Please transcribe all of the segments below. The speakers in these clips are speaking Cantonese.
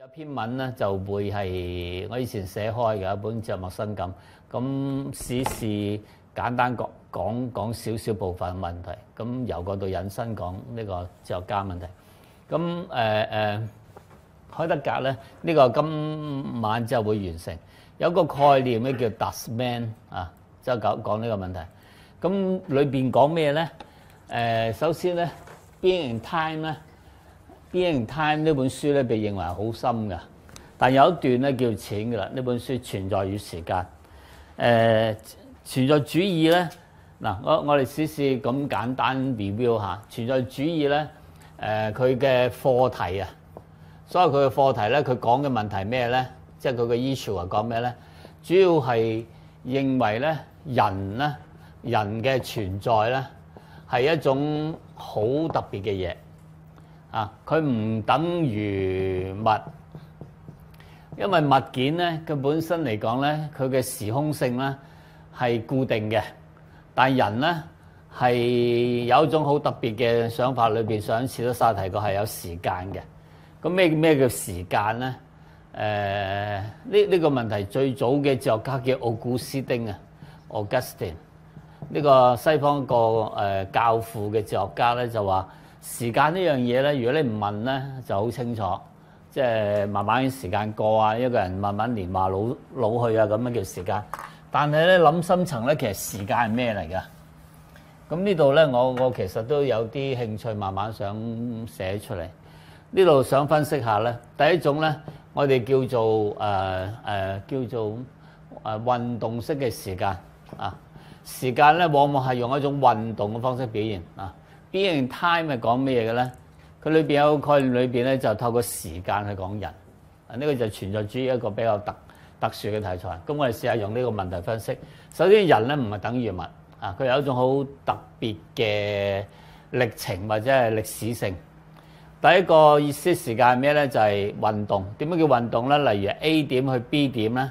有篇文咧，就會係我以前寫開嘅一本《哲學的陌生感》。咁試試簡單講講少少部分問題，咁由嗰度引申講呢個哲學家問題。咁誒誒，海、呃、德格咧，呢、這個今晚就會完成。有個概念咧叫《Dustman》啊，即係講講呢個問題。咁裏面講咩咧？誒、呃，首先咧 Being Time 咧。《Being Time》呢本書咧被認為係好深嘅，但有一段咧叫淺㗎啦。呢本書存在與時間，誒、呃、存在主義咧，嗱我我哋試試咁簡單 review 下存在主義咧，佢嘅課題啊，所以佢嘅課題咧，佢講嘅問題咩咧？即係佢嘅 issue 係講咩咧？主要係認為咧人咧人嘅存在咧係一種好特別嘅嘢。啊！佢唔等於物，因為物件咧，佢本身嚟講咧，佢嘅時空性咧係固定嘅。但係人咧係有一種好特別嘅想法裏面，上一次都晒提過係有時間嘅。咁咩咩叫時間咧？誒、呃，呢、這、呢個問題最早嘅哲學家叫奧古斯丁啊，Augustine。呢、這個西方個誒教父嘅哲學家咧就話。時間呢樣嘢呢，如果你唔問呢，就好清楚。即係慢慢時間過啊，一個人慢慢年華老老去啊，咁樣叫時間。但係呢，諗深層呢，其實時間係咩嚟㗎？咁呢度呢，我我其實都有啲興趣，慢慢想寫出嚟。呢度想分析下呢，第一種呢，我哋叫做、呃呃、叫做運動式嘅時間啊。時間呢，往往係用一種運動嘅方式表現啊。Being time 係講咩嘢嘅咧？佢裏邊有個概念，裏邊咧就透過時間去講人。啊，呢個就存在主義一個比較特特殊嘅題材。咁我哋試下用呢個問題分析。首先，人咧唔係等於物啊，佢有一種好特別嘅歷程或者係歷史性。第一個意思是時間係咩咧？就係、是、運動。點樣叫運動咧？例如 A 點去 B 點咧？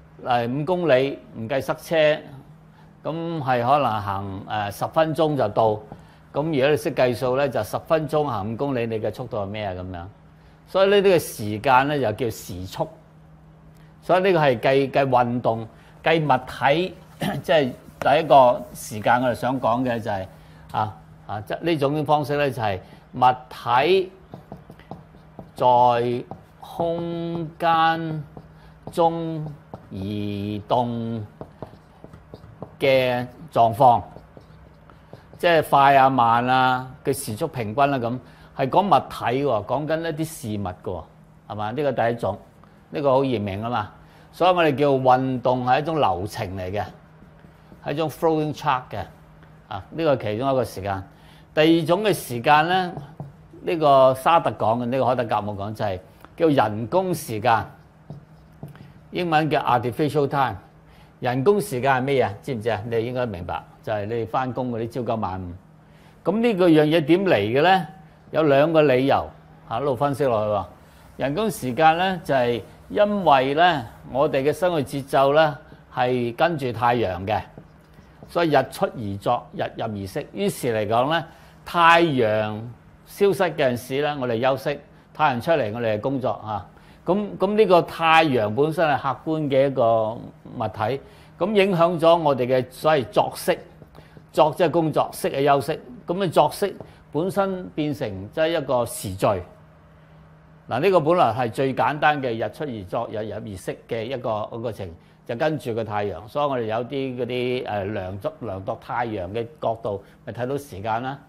誒五公里唔計塞車，咁係可能行誒十分鐘就到。咁如果你識計數咧，就十分鐘行五公里，你嘅速度係咩啊？咁樣，所以呢啲嘅時間咧又叫時速。所以呢個係計計運動、計物體，即係第一個時間，我哋想講嘅就係啊啊，即係呢種方式咧就係物體在空間中，移動嘅狀況，即係快啊慢啊，嘅時速平均啦、啊、咁，係講物體喎、啊，講緊一啲事物嘅、啊、喎，係嘛？呢、這個第一種，呢、這個好易明啊嘛。所以我哋叫運動係一種流程嚟嘅，係一種 flowing track 嘅，啊，呢個其中一個時間。第二種嘅時間咧，呢、這個沙特講嘅，呢、這個海德格冇講、就是，就係叫人工時間。英文叫 Artificial Time，人工時間係咩啊？知唔知啊？你應該明白，就係、是、你哋翻工嗰啲朝九晚五。咁呢個樣嘢點嚟嘅呢？有兩個理由嚇，一路分析落去喎。人工時間呢，就係因為呢，我哋嘅生活節奏呢，係跟住太陽嘅，所以日出而作，日入而息。於是嚟講呢，太陽消失嘅時呢，我哋休息；太陽出嚟，我哋係工作嚇。咁咁呢個太陽本身係客觀嘅一個物體，咁影響咗我哋嘅所謂作息，作即係工作，息係休息。咁你作息本身變成即係一個時序。嗱，呢個本來係最簡單嘅日出而作、日入而息嘅一個過程，就跟住個太陽。所以我哋有啲嗰啲誒量度量度太陽嘅角度，咪睇到時間啦。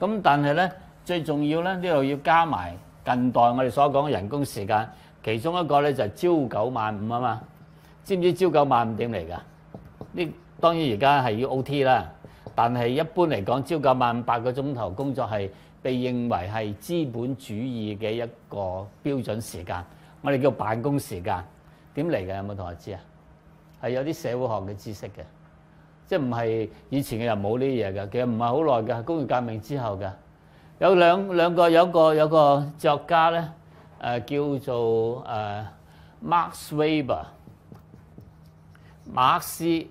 咁但係呢，最重要呢，呢度要加埋近代我哋所講嘅人工時間。其中一個咧，就朝九晚五啊嘛，知唔知朝九晚五點嚟㗎？呢當然而家係要 OT 啦，但係一般嚟講，朝九晚五八個鐘頭工作係被認為係資本主義嘅一個標準時間。我哋叫辦公時間，點嚟㗎？有冇同學知啊？係有啲社會學嘅知識嘅，即係唔係以前嘅人冇呢嘢㗎。其實唔係好耐㗎，工業革命之後㗎。有兩兩個有個有個有個作家咧。誒叫做誒 Max Weber，馬克思呢、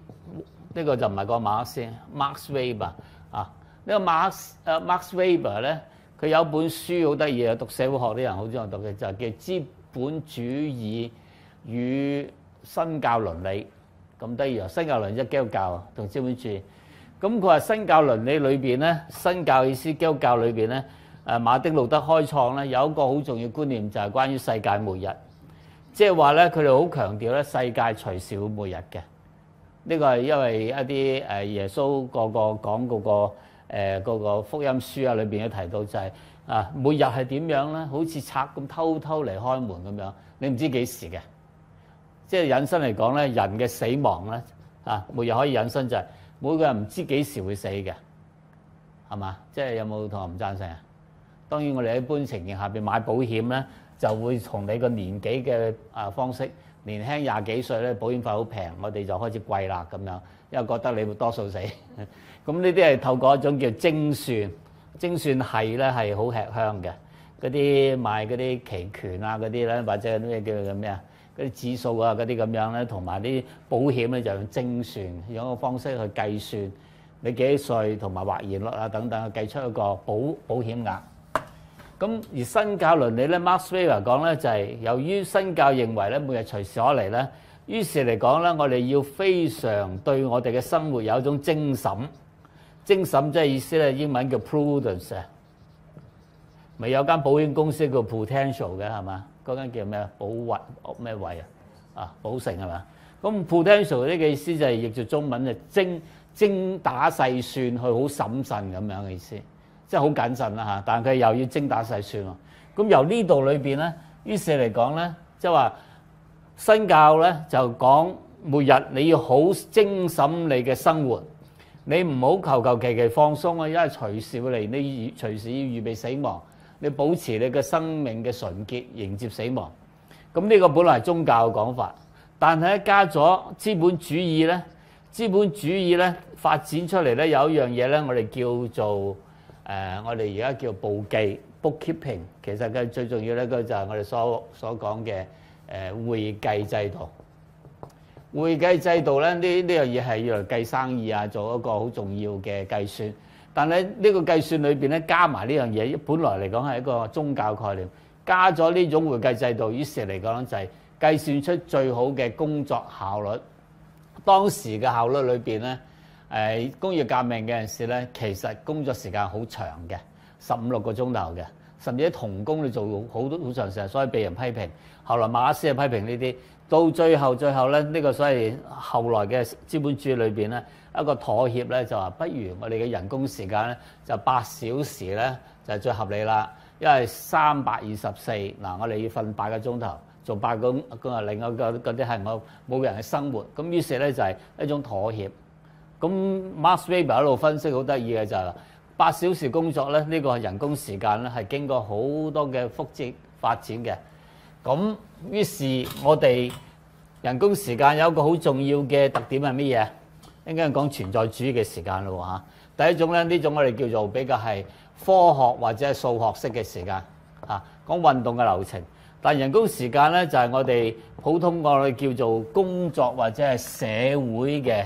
這個就唔係個馬克思，啊、馬克思 Max Weber 啊，呢個 Max Max Weber 咧，佢有本書好得意啊，讀社會學啲人好中意讀嘅，就係、是、叫資本主義與新教倫理咁得意啊！新教倫理即係基督教啊，同資本主義。咁佢話新教倫理裏邊咧，新教意思基督教裏邊咧。誒馬丁路德開創咧，有一個好重要觀念就係關於世界末日，即係話咧，佢哋好強調咧，世界隨時會末日嘅。呢個係因為一啲誒耶穌嗰個講嗰個誒個福音書啊裏邊都提到，就係啊末日係點樣咧？好似賊咁偷偷嚟開門咁樣，你唔知幾時嘅。即係引申嚟講咧，人嘅死亡咧啊末日可以引申就係每個人唔知幾時會死嘅，係嘛？即係有冇同學唔贊成啊？當然，我哋一般情形下邊買保險呢，就會從你個年紀嘅啊方式年輕廿幾歲呢，保險費好平，我哋就開始貴啦咁樣，因為覺得你會多數死。咁呢啲係透過一種叫精算精算係呢，係好吃香嘅嗰啲賣嗰啲期權啊嗰啲呢，或者咩叫做咩啊嗰啲指數啊嗰啲咁樣呢，同埋啲保險呢，就用精算用個方式去計算你幾多歲同埋還現率啊等等，計出一個保保險額。咁而新教倫理咧 Max Weber 講咧，就係由於新教認為咧，每日隨時可嚟咧，於是嚟講咧，我哋要非常對我哋嘅生活有一種精審，精審即係意思咧英文叫 prudence。咪有間保險公司叫 potential 嘅係嘛？嗰間叫咩啊？保慧？咩位？啊？啊，保誠係嘛？咁 potential 呢個意思就係譯做中文就是、精精打細算，去好審慎咁樣嘅意思。即係好謹慎啦嚇，但係佢又要精打細算喎。咁由呢度裏邊呢，於是嚟講呢，即係話新教呢，就講：每日你要好精審你嘅生活，你唔好求求其其放鬆啊！因為隨時會嚟，你隨時要預備死亡，你保持你嘅生命嘅純潔，迎接死亡。咁呢個本來係宗教嘅講法，但係一加咗資本主義呢，資本主義呢發展出嚟呢，有一樣嘢呢，我哋叫做，誒、呃，我哋而家叫簿記 （bookkeeping），其實佢最重要咧，佢就係我哋所所講嘅誒、呃、會計制度。會計制度咧，呢呢樣嘢係要嚟計生意啊，做一個好重要嘅計算。但係呢個計算裏邊咧，加埋呢樣嘢，本來嚟講係一個宗教概念，加咗呢種會計制度，於是嚟講就係計算出最好嘅工作效率。當時嘅效率裏邊咧。誒工業革命嗰陣時咧，其實工作時間好長嘅，十五六個鐘頭嘅，甚至童工你做好多好長時間，所以被人批評。後來馬克思批評呢啲，到最後最後咧，呢、呢個所謂後來嘅資本主義裏邊咧，一個妥協咧就話，不如我哋嘅人工時間咧就八小時咧就係、最合理啦，因為三百二十四嗱，我哋要瞓八個鐘頭，做八個工啊，另外個嗰啲係冇冇人嘅生活，咁於是咧就係、係、一種妥協。咁 Max Weber 一路分析好得意嘅就係啦，八小時工作呢，呢、呢個人工時間呢，係經過好多嘅複製發展嘅。咁於是我哋人工時間有一個好重要嘅特點係咩嘢？應該講存在主義嘅時間咯吓、啊，第一種呢，呢種我哋叫做比較係科學或者係數學式嘅時間啊，講、啊、運動嘅流程。但人工時間呢，就係、是、我哋普通我哋叫做工作或者係社會嘅。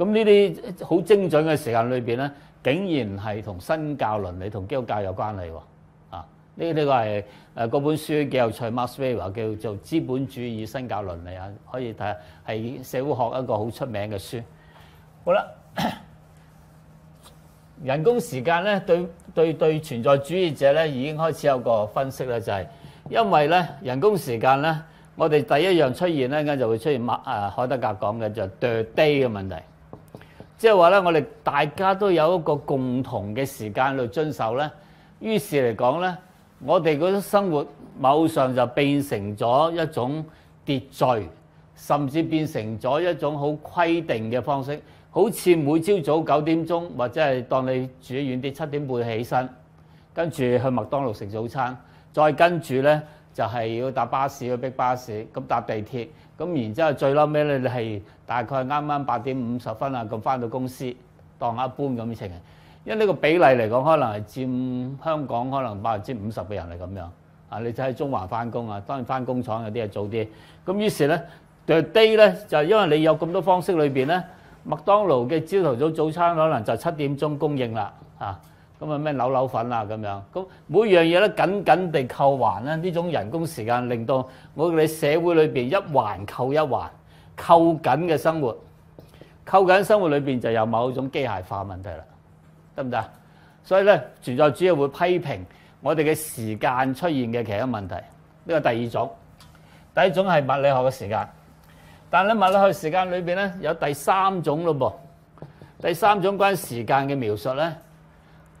咁呢啲好精準嘅時間裏面，呢竟然係同新教倫理同基督教有關係喎啊！呢啲係嗰本書幾有趣，Max Weber 叫做《資本主義新教倫理》啊，可以睇下係社會學一個好出名嘅書。好啦，人工時間呢，對對對，對存在主義者呢已經開始有個分析啦，就係、是、因為呢，人工時間呢，我哋第一樣出現呢，就會出現海德格講嘅就係、day」嘅問題。即係話咧，我哋大家都有一個共同嘅時間去遵守咧。於是嚟講咧，我哋嗰啲生活某上就變成咗一種秩序，甚至變成咗一種好規定嘅方式。好似每朝早九點鐘，或者係當你住得遠啲，七點半起身，跟住去麥當勞食早餐，再跟住咧就係、是、要搭巴士去逼巴士，咁搭地鐵。咁然之後最嬲尾咧？你係大概啱啱八點五十分啊，咁翻到公司當一般咁樣嘅，因為呢個比例嚟講，可能係佔香港可能百分之五十嘅人係咁樣。啊，你就喺中環翻工啊，當然翻工廠有啲係早啲。咁於是咧對 day 咧就係、是、因為你有咁多方式裏邊咧，麥當勞嘅朝頭早早餐可能就七點鐘供應啦，嚇。咁啊咩扭扭粉啊咁樣，咁每樣嘢咧緊緊地扣環咧，呢種人工時間令到我哋社會裏面一環扣一環扣緊嘅生活，扣緊生活裏面就有某種機械化問題啦，得唔得？所以咧存在主義會批評我哋嘅時間出現嘅其他問題，呢個第二種。第一種係物理學嘅時間，但喺物理學時間裏面咧有第三種咯噃。第三種關時間嘅描述咧。誒誒，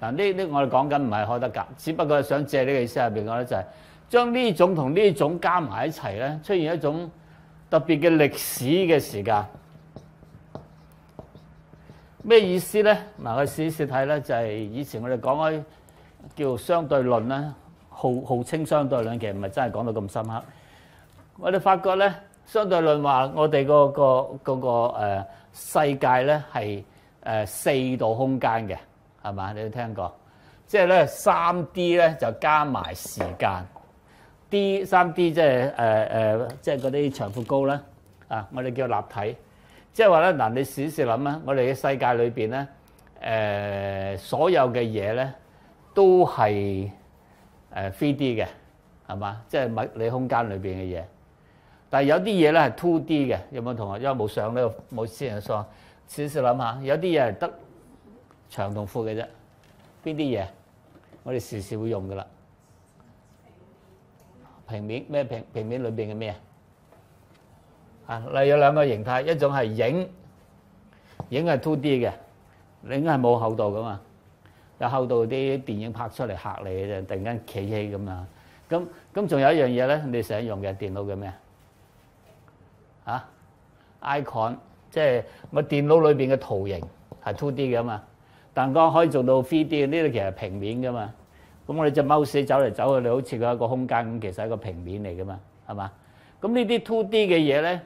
嗱呢呢，呃、我哋講緊唔係海德格，只不過想借呢個意思入邊，講咧就係將呢種同呢種加埋一齊咧，出現一種特別嘅歷史嘅時間。咩意思咧？嗱，去試一試睇咧，就係、是、以前我哋講開叫相對論咧，號號稱相對論，其實唔係真係講到咁深刻。我哋發覺咧，相對論話我哋個個嗰個、呃、世界咧係。誒、呃、四度空間嘅係嘛？你都聽過？即係咧三 D 咧就加埋時間 D 三 D 即係誒誒即係嗰啲長闊高啦啊！我哋叫立體。即係話咧嗱，你試試諗啊！我哋嘅世界裏邊咧誒，所有嘅嘢咧都係誒 three D 嘅係嘛？即係物理空間裏邊嘅嘢。但係有啲嘢咧係 two D 嘅，有冇同學因為冇上咧冇先上？試試諗下，有啲嘢係得長同闊嘅啫。邊啲嘢？我哋時時會用嘅啦。平面咩平？平面裏邊嘅咩啊？啊，例如兩個形態，一種係影，影係 two D 嘅，影係冇厚度噶嘛。有厚度啲電影拍出嚟嚇你嘅啫，突然間企起咁啊！咁咁仲有一樣嘢咧，你想用嘅電腦嘅咩啊，icon。即係我電腦裏邊嘅圖形係 two D 嘅嘛，但係我可以做到 three D，呢度其實係平面嘅嘛。咁我哋隻 mouse 走嚟走去，你好似佢一個空間咁，其實係一個平面嚟嘅嘛，係嘛？咁呢啲 two D 嘅嘢咧，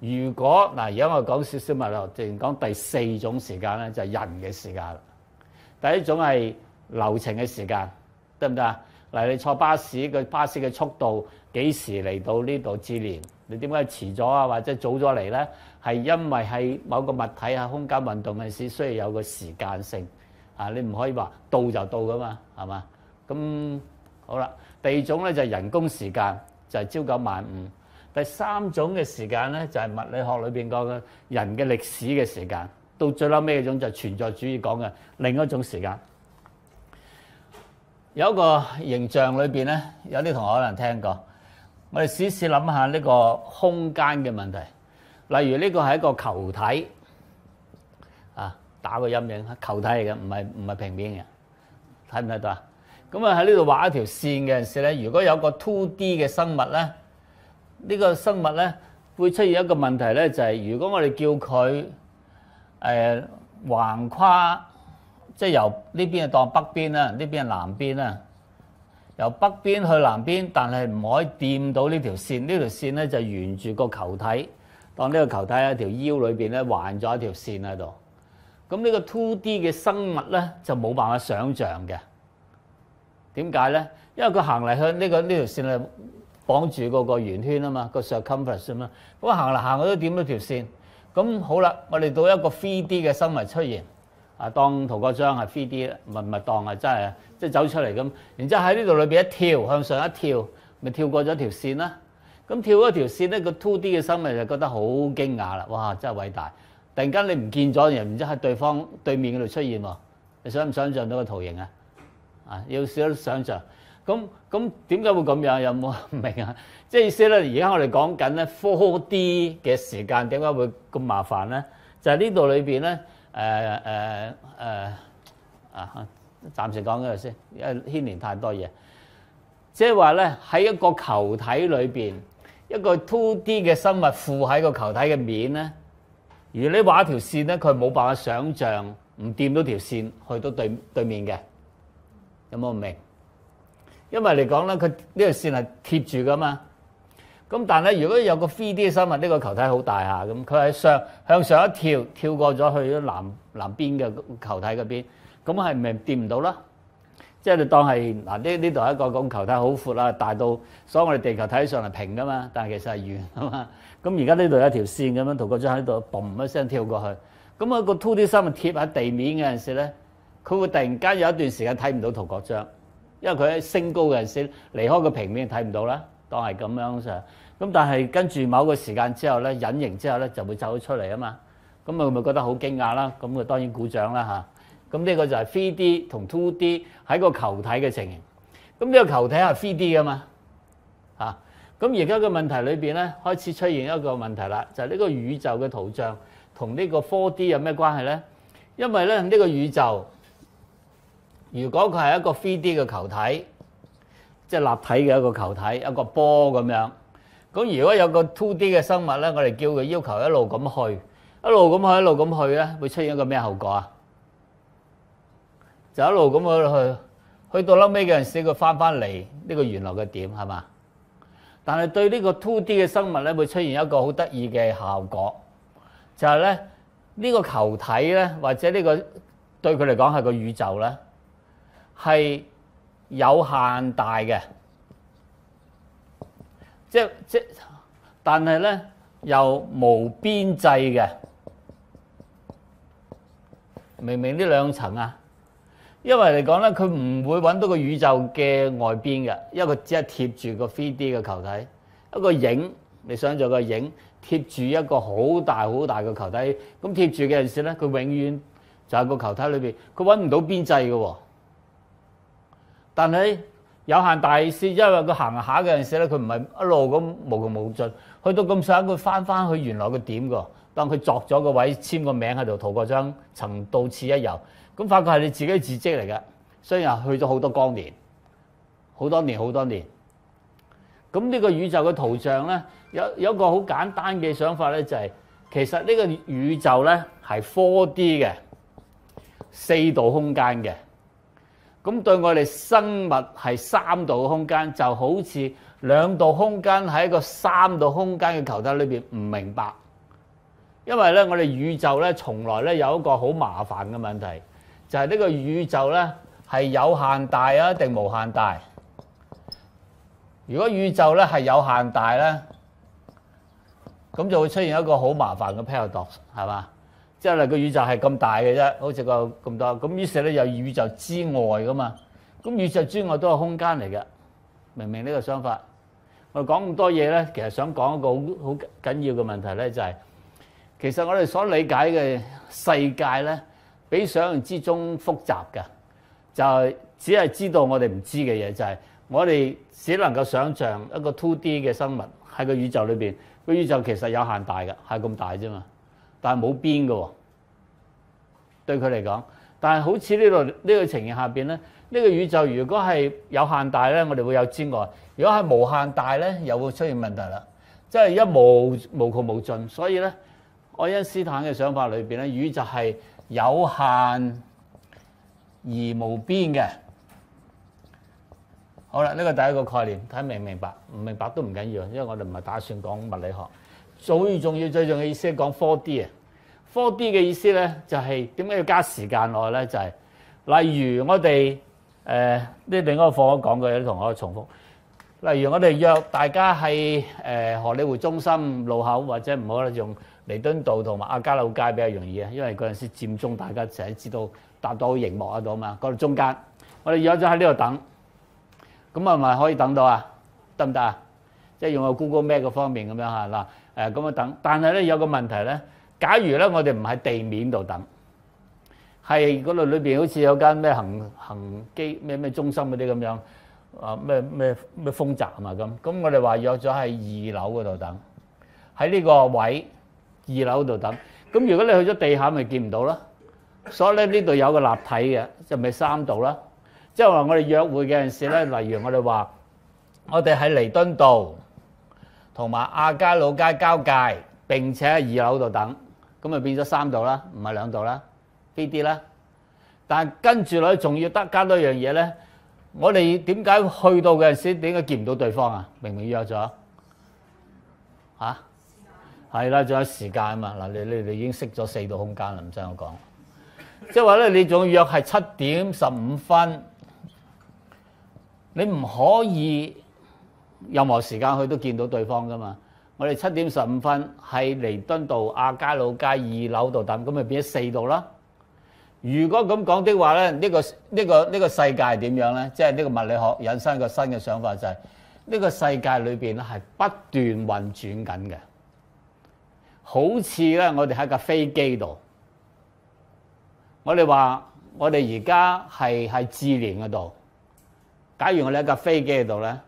如果嗱，而家我講少少物流，淨講第四種時間咧，就係、是、人嘅時間。第一種係流程嘅時間，得唔得啊？嗱，你坐巴士，個巴士嘅速度幾時嚟到呢度之連？你點解遲咗啊？或者早咗嚟咧？係因為係某個物體喺空間運動嘅時，需要有個時間性啊！你唔可以話到就到噶嘛，係嘛？咁好啦。第二種咧，就人工時間，就係朝九晚五。第三種嘅時間咧，就係物理學裏邊講嘅人嘅歷史嘅時間。到最撈尾一種，就存在主義講嘅另一種時間。有個形象裏邊咧，有啲同學可能聽過。我哋試試諗下呢個空間嘅問題，例如呢個係一個球體啊，打個陰影，球體嚟嘅，唔係唔係平面嘅，睇唔睇到啊？咁啊喺呢度畫一條線嘅陣時咧，如果有一個 two D 嘅生物咧，呢個生物咧會出現一個問題咧，就係如果我哋叫佢誒橫跨，即係由呢邊係當北邊啦，呢邊係南邊啦。由北邊去南邊，但係唔可以掂到呢條線。呢條線咧就沿住個球體，當呢個球體喺條腰裏邊咧環咗一條線喺度。咁呢個 two D 嘅生物咧就冇辦法想像嘅。點解咧？因為佢行嚟去呢個呢條線係綁住嗰個圓圈啊嘛，個 circumference 啊嘛。咁行嚟行去都掂到條線。咁好啦，我哋到一個 three D 嘅生物出現。啊，當圖個像係 3D 啦，唔係唔係當係真係，即係走出嚟咁。然之後喺呢度裏邊一跳向上一跳，咪跳過咗一條線啦。咁跳嗰條線咧，個 2D 嘅生物就覺得好驚訝啦。哇，真係偉大！突然間你唔見咗人，然之後喺對方對面嗰度出現喎。你想唔想象到個圖形啊？啊，要少想像。咁咁點解會咁樣？有冇明啊？即係意思咧，而家我哋講緊咧 4D 嘅時間點解會咁麻煩咧？就喺呢度裏邊咧。誒誒誒啊！暫時講呢度先，因為牽連太多嘢。即係話咧，喺一個球體裏邊，一個 two D 嘅生物附喺個球體嘅面咧，如果你畫一條線咧，佢冇辦法想象唔掂到條線去到對對面嘅，有冇明？因為嚟講咧，佢呢條線係貼住噶嘛。咁但係咧，如果有個 3D 嘅生物，呢、呢個球體好大下，咁佢喺上向上一跳，跳過咗去咗南南邊嘅球體嗰邊，咁係咪掂唔到啦？即、就、係、是、你當係嗱呢呢度係一個個球體好闊啦，大到所以我哋地球睇起上嚟平㗎嘛，但係其實係圓啊嘛。咁而家呢度有一條線咁樣，陶國璋喺度嘣一聲跳過去，咁、那、啊個 2D 生物貼喺地面嘅陣時咧，佢會突然間有一段時間睇唔到陶國璋，因為佢喺升高嘅陣時候離開個平面睇唔到啦。當係咁樣嘅，咁但係跟住某個時間之後咧，隱形之後咧就會走咗出嚟啊嘛。咁咪咪覺得好驚訝啦。咁佢當然鼓掌啦嚇。咁、這、呢個就係3 D 同 two D 係一個球體嘅情形。咁、這、呢個球體係3 D 噶嘛？嚇。咁而家嘅問題裏邊咧，開始出現一個問題啦，就係、是、呢個宇宙嘅圖像同呢個 four D 有咩關係咧？因為咧呢個宇宙如果佢係一個3 D 嘅球體。即係立體嘅一個球體，一個波咁樣。咁如果有個 two D 嘅生物咧，我哋叫佢要求一路咁去，一路咁去，一路咁去咧，會出現一個咩後果啊？就一路咁去，去到後尾嗰陣時，佢翻翻嚟呢個原來嘅點係嘛？但係對呢個 two D 嘅生物咧，會出現一個好得意嘅效果，就係咧呢個球體咧，或者呢個對佢嚟講係個宇宙咧，係，有限大嘅，即即但係咧又無邊際嘅，明明呢兩層啊，因為嚟講咧，佢唔會揾到個宇宙嘅外邊嘅，因為佢只係貼住個 3D 嘅球體，一個影，你想做個影貼住一個好大好大嘅球體，咁貼住嘅陣時咧，佢永遠就喺個球體裏邊，佢揾唔到邊際嘅喎但係有限大事，先因為佢行下嘅陣時咧，佢唔係一路咁無窮無盡，去到咁上佢翻翻去原來個點㗎。但佢作咗個位簽個名喺度，圖個章，曾到此一遊。咁發覺係你自己自知嚟嘅，雖然去咗好多光年，好多年，好多年。咁呢個宇宙嘅圖像呢，有有一個好簡單嘅想法呢，就係，就係其實呢個宇宙呢，係 four D 嘅，四度空間嘅。咁對我哋生物係三度嘅空間，就好似兩度空間喺一個三度空間嘅球體裏面唔明白。因為咧，我哋宇宙咧從來咧有一個好麻煩嘅問題，就係、是、呢個宇宙咧係有限大啊定無限大？如果宇宙咧係有限大咧，咁就會出現一個好麻煩嘅 paradox，係嘛？即係個宇宙係咁大嘅啫，好似個咁多咁，於是咧有宇宙之外噶嘛，咁宇宙之外都係空間嚟嘅。明明呢個想法，我哋講咁多嘢咧，其實想講一個好好緊要嘅問題咧，就是，就係其實我哋所理解嘅世界咧，比想象之中複雜嘅，就係只係知道我哋唔知嘅嘢，就係、是，我哋只能夠想像一個 two D 嘅生物喺個宇宙裏邊，個宇宙其實有限大嘅，係咁大啫嘛。但係冇邊嘅喎，對佢嚟講。但係好似呢度呢個情形下邊咧，呢個宇宙如果係有限大咧，我哋會有邊外；如果係無限大咧，又會出現問題啦。即係一無無窮無盡，所以咧，愛因斯坦嘅想法裏邊咧，宇宙係有限而無邊嘅。好啦，呢個第一個概念睇明唔明白？唔明白都唔緊要，因為我哋唔係打算講物理學。最重要、最重要嘅意思係講 four D 啊！4D 嘅意思咧、就是，就係點解要加時間落去咧？就係、是、例如我哋誒啲另外一個課我講過，有啲同學我重複。例如我哋約大家係誒、呃、荷里活中心路口，或者唔好咧用彌敦道同埋亞皆老街比較容易啊，因為嗰陣時佔中，大家就係知道搭到熒幕嗰度啊嘛。嗰度中間，我哋約咗喺呢度等，咁係咪可以等到啊？得唔得啊？即係用個 Google Map 嘅方面咁樣嚇嗱誒咁啊等，但係咧有個問題咧。假如咧，我哋唔喺地面度等，係嗰度裏邊好似有間咩行行機咩咩中心嗰啲咁樣啊，咩咩咩風站啊咁，咁我哋話約咗喺二樓嗰度等，喺呢個位二樓度等。咁如果你去咗地下，咪見唔到咯。所以咧呢度有個立體嘅，就咪三度啦。即係話我哋約會嘅陣時咧，例如我哋話我哋喺彌敦道同埋亞皆老街交界，並且喺二樓度等。咁咪變咗三度啦，唔係兩度啦，呢啲啦。但跟住落去仲要得加多一樣嘢咧。我哋點解去到嗰陣時，點解見唔到對方啊？明明約咗，嚇、啊，係啦，時間，仲有時間啊嘛。嗱，你你你已經識咗四度空間啦，唔使我講。即係話咧，你仲約係七點十五分，你唔可以任何時間去都見到對方噶嘛？我哋七點十五分喺彌敦道亞皆老街二樓度等，咁咪變咗四度啦。如果咁講的話咧，呢、這個呢、這個呢、這個世界點樣呢？即係呢個物理學引申一個新嘅想法就係、是、呢、這個世界裏面咧係不斷運轉緊嘅，好似咧我哋喺架飛機度。我哋話我哋而家係喺智聯嗰度，假如我哋喺架飛機度呢，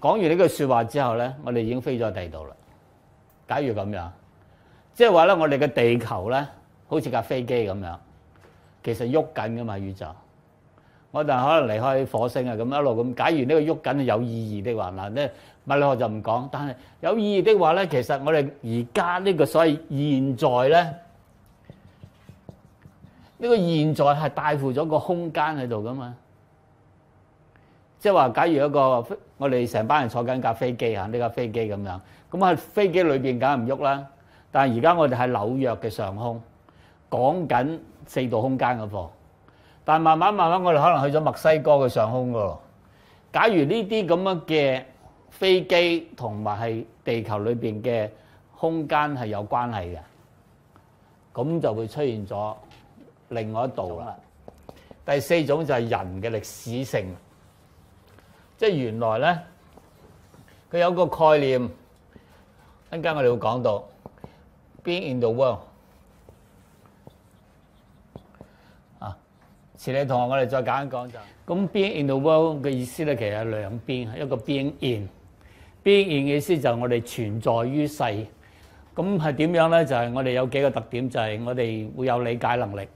講完呢句說話之後呢，我哋已經飛咗第二度啦。假如咁樣，即係話咧，我哋嘅地球咧，好似架飛機咁樣，其實喐緊噶嘛宇宙。我就可能離開火星啊，咁一路咁。假如呢個喐緊係有意義的話，嗱，咧物理學就唔講，但係有意義的話咧，其實我哋而家呢個所謂現在咧，呢、這個現在係帶附咗個空間喺度噶嘛。即係話，假如一個我哋成班人坐緊架飛機啊，呢架飛機咁樣。咁喺飛機裏邊梗係唔喐啦，但係而家我哋喺紐約嘅上空講緊四度空間嘅噃，但係慢慢慢慢我哋可能去咗墨西哥嘅上空咯。假如呢啲咁樣嘅飛機同埋係地球裏邊嘅空間係有關係嘅，咁就會出現咗另外一度啦。第四種就係人嘅歷史性，即係原來咧佢有個概念。一陣間我哋會講到 being in the world 啊，遲啲同學，我哋再簡單講就咁。Being in the world 嘅意思咧，其實係兩邊係一個 Be in, being in。being in 嘅意思就係我哋存在於世。咁係點樣咧？就係、是、我哋有幾個特點，就係、是、我哋會有理解能力，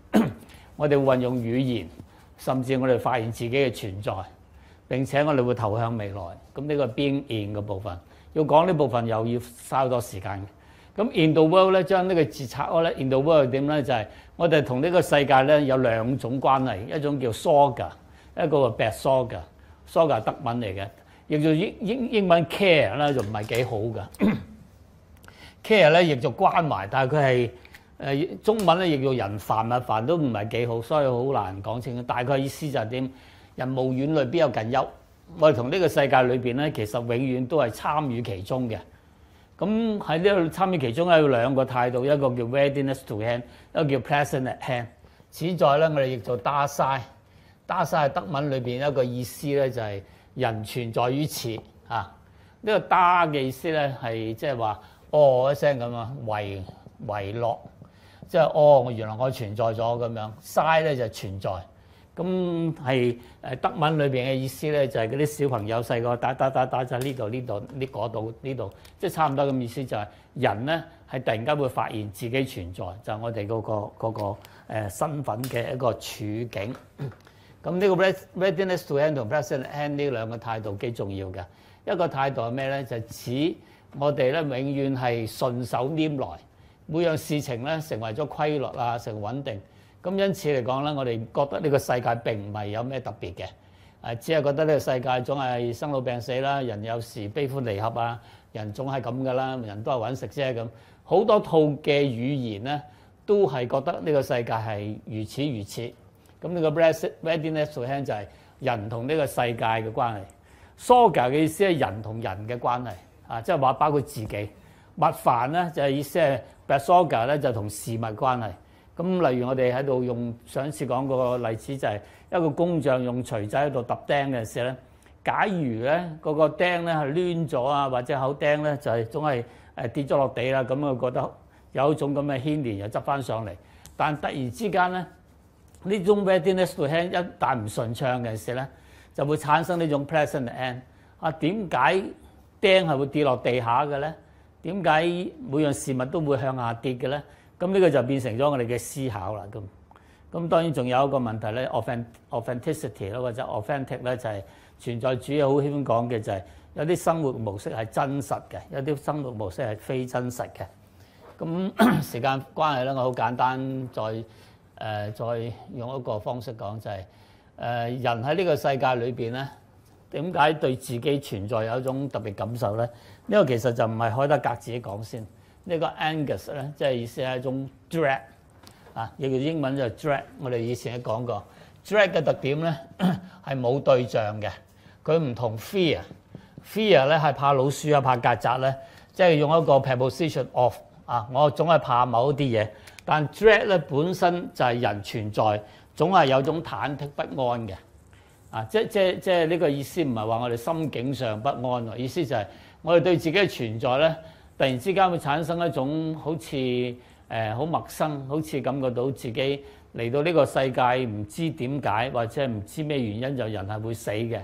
我哋運用語言，甚至我哋發現自己嘅存在，並且我哋會投向未來。咁呢個係 being in 嘅部分。要講呢部分又要嘥好多時間咁 in the world 咧，將呢個字拆開咧，in the world 點咧就係、是、我哋同呢個世界咧有兩種關係，一種叫 Sorge 一個係 besorgen，Sorge 德文嚟嘅，亦做英英英文 care 啦，就唔係幾好嘅。 care 咧亦就關懷，但係佢係誒中文咧，亦叫人煩物煩都唔係幾好，所以好難講清楚。大概意思就係點，人無遠慮，必有近憂。我哋同呢個世界裏邊咧，其實永遠都係參與其中嘅。咁喺呢度參與其中咧，有兩個態度，一個叫 readiness to hand，一個叫 present at hand。此在咧，我哋譯做 da sein。da sein 係德文裏邊一個意思咧，就係人存在於此。啊，呢個 da 嘅意思咧係即係話哦一聲咁啊，為為樂，即係哦，原來我存在咗咁樣。sein 咧就係存在。咁係德文裏面嘅意思咧，就係嗰啲小朋友細個打打打打就喺呢度呢度呢度呢度，即差唔多咁意思，就係人咧係突然間會發現自己存在就、那個，就係我哋嗰個嗰身份嘅一個處境。咁呢、這個 readiness to hand 同 presence at hand 呢兩個態度幾重要嘅。一個態度係咩咧？就是、指我哋咧永遠係順手拈來，每樣事情咧成為咗規律啊，成穩定。咁因此嚟講咧，我哋覺得呢個世界並唔係有咩特別嘅，誒，只係覺得呢個世界總係生老病死啦，人有時悲歡離合啊，人總係咁噶啦，人都係揾食啫咁。好多套嘅語言咧，都係覺得呢個世界係如，如此如此。咁、這、呢個 bread bread in last hand 就係人同呢個世界嘅關係。Soga 嘅意思係人同人嘅關係，啊，即係話包括自己。物飯咧就係、是、意思係 ba soga 咧就同、是、事物關係。咁例如我哋喺度用上次講嗰個例子，就係一個工匠用錘仔喺度揼釘嘅時候咧，假如咧嗰個釘咧係攣咗啊，或者口釘咧就係總係誒跌咗落地啦，咁啊覺得有一種咁嘅牽連又執翻上嚟，但突然之間咧呢種咩 readiness-to-hand 一旦唔順暢嘅時咧，就會產生呢種 present-at-hand。啊點解釘係會跌落地下嘅咧？點解每樣事物都會向下跌嘅咧？咁呢個就變成咗我哋嘅思考啦。咁，咁當然仲有一個問題咧，authenticity 啦，或者 authentic 咧，就係存在主義好喜歡講嘅，就係有啲生活模式係真實嘅，有啲生活模式係非真實嘅。咁時間關係咧，我好簡單再誒再用一個方式講，就係誒人喺呢個世界裏邊咧，點解對自己存在有一種特別感受咧？呢個其實就唔係海德格自己講先。呢個 Angst 咧，即係意思係一種 dread 啊，亦英文就 dread。我哋以前都講過 dread 嘅特點咧，係冇對象嘅。佢唔同 fear，fear 咧係怕老鼠啊，怕曱甴咧，即係用一個 preposition of 啊，我總係怕某啲嘢。但 dread 咧本身就係人存在，總係有種忐忑不安嘅啊。即即即係呢個意思唔係話我哋心境上不安啊，意思就係我哋對自己嘅存在咧。突然之間會產生一種好似誒好陌生，好似感覺到自己嚟到呢個世界唔知點解，或者唔知咩原因就人係會死嘅。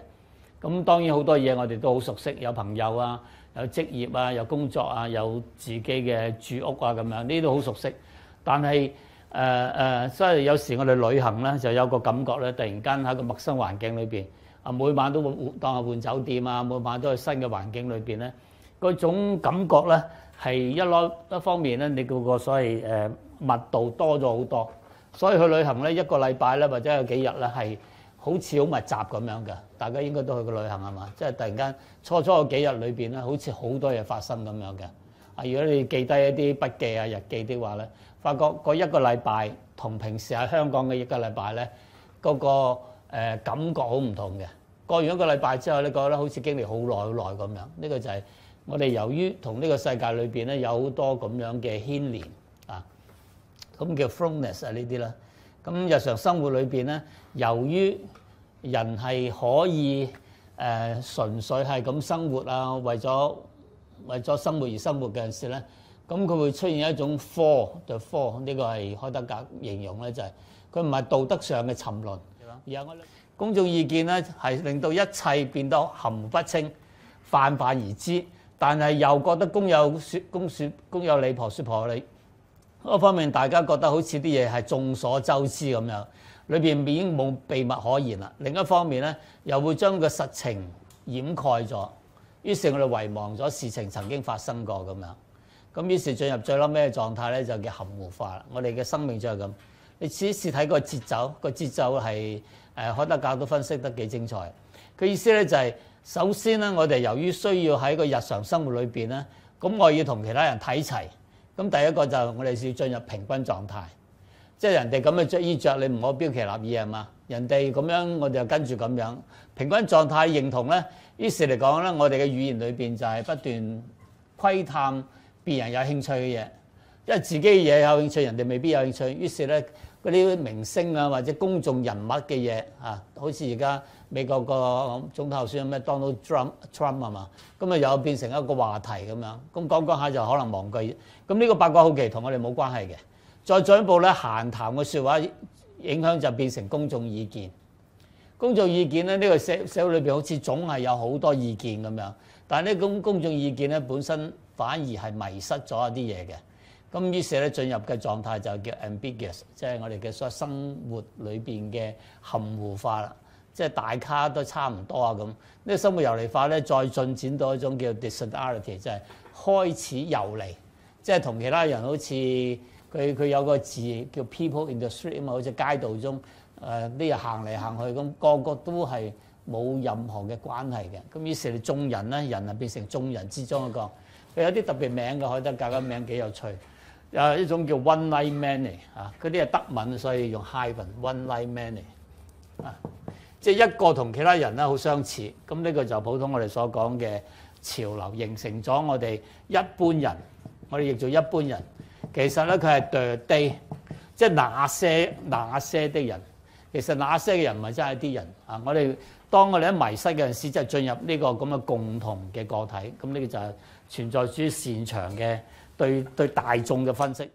咁當然好多嘢我哋都好熟悉，有朋友啊，有職業啊，有工作啊，有自己嘅住屋啊，咁樣呢啲都好熟悉。但係誒誒，所以有時我哋旅行呢，就有個感覺咧，突然間喺個陌生環境裏面，啊，每晚都會當係換酒店啊，每晚都喺新嘅環境裏面呢。嗰種感覺呢，係一來一方面呢，你嗰個所謂誒密度多咗好多，所以去旅行呢，一個禮拜呢，或者有幾日呢，係好似好密集咁樣嘅。大家應該都去過旅行係嘛？即係、就是、突然間初初有幾日裏邊呢，好似好多嘢發生咁樣嘅。啊，如果你記低一啲筆記啊、日記的話呢，發覺嗰一個禮拜同平時喺香港嘅一個禮拜呢，嗰、那個感覺好唔同嘅。過完一個禮拜之後，你覺得好似經歷好耐好耐咁樣。呢、這個就係、是。我哋由於同呢個世界裏邊咧有好多咁樣嘅牽連啊，咁叫 f r o m n e s s 啊呢啲啦。咁日常生活裏邊咧，由於人係可以誒純、呃、粹係咁生活啊，為咗為咗生活而生活嘅陣時咧，咁佢會出現一種 for 嘅 for 呢個係海德格形容咧、就是，就係佢唔係道德上嘅沉淪。而係我哋公眾意見咧係令到一切變得含不清、泛泛而知。但係又覺得公有説公説公有理，婆説婆有理。一方面大家覺得好似啲嘢係眾所周知咁樣，裏邊已經冇秘密可言啦。另一方面呢，又會將個實情掩蓋咗，於是我哋遺忘咗事情曾經發生過咁樣。咁於是進入最尾嘅狀態呢，就叫含糊化啦。我哋嘅生命就係咁。你試一試睇個節奏，個節奏係。誒海德格都分析得幾精彩，佢意思咧就係首先咧，我哋由於需要喺個日常生活裏面咧，咁我要同其他人睇齊。咁第一個就我哋要進入平均狀態，即係人哋咁嘅着衣着，你唔好標奇立異係嘛？人哋咁樣，我哋就跟住咁樣。平均狀態認同咧，於是嚟講咧，我哋嘅語言裏面就係不斷窺探別人有興趣嘅嘢，因為自己嘢有興趣，人哋未必有興趣。於是咧。嗰啲明星啊，或者公眾人物嘅嘢啊，好似而家美國個總統候選咩 Donald Trump Trump 啊嘛，咁啊又變成一個話題咁樣，咁講講下就可能忘記。咁、這、呢個八卦好奇同我哋冇關係嘅，再進一步咧閒談嘅説話影響就變成公眾意見。公眾意見咧，呢、這個社社會裏邊好似總係有好多意見咁樣，但係呢公公眾意見咧本身反而係迷失咗一啲嘢嘅。咁於是咧進入嘅狀態就叫 ambiguous，即係我哋嘅所謂生活裏面嘅含糊化啦。即係大家都差唔多啊咁。呢個生活游離化咧，再進展到一種叫 dissonarity，即係開始游離，即係同其他人好似佢佢有個字叫 people in the street 啊嘛，好似街道中呢啲、呃、人行嚟行去咁，個個都係冇任何嘅關係嘅。咁於是眾人咧，人啊變成眾人之中一個，佢有啲特別名嘅，海德格嘅名幾有趣。誒一種叫 one line manny 嚇，嗰啲係德文，所以用 hyphen one line manny 啊，man, 即係一個同其他人咧好相似，咁、這、呢個就是普通我哋所講嘅潮流形成咗我哋一般人，我哋亦做一般人。其實咧佢係 define 即係那些那些的人，其實那些嘅人唔係真係啲人啊！我哋當我哋喺迷失嗰陣時候，就進、是、入呢個咁嘅共同嘅個體，咁、這、呢個就係存在於擅長嘅。對對大眾的分析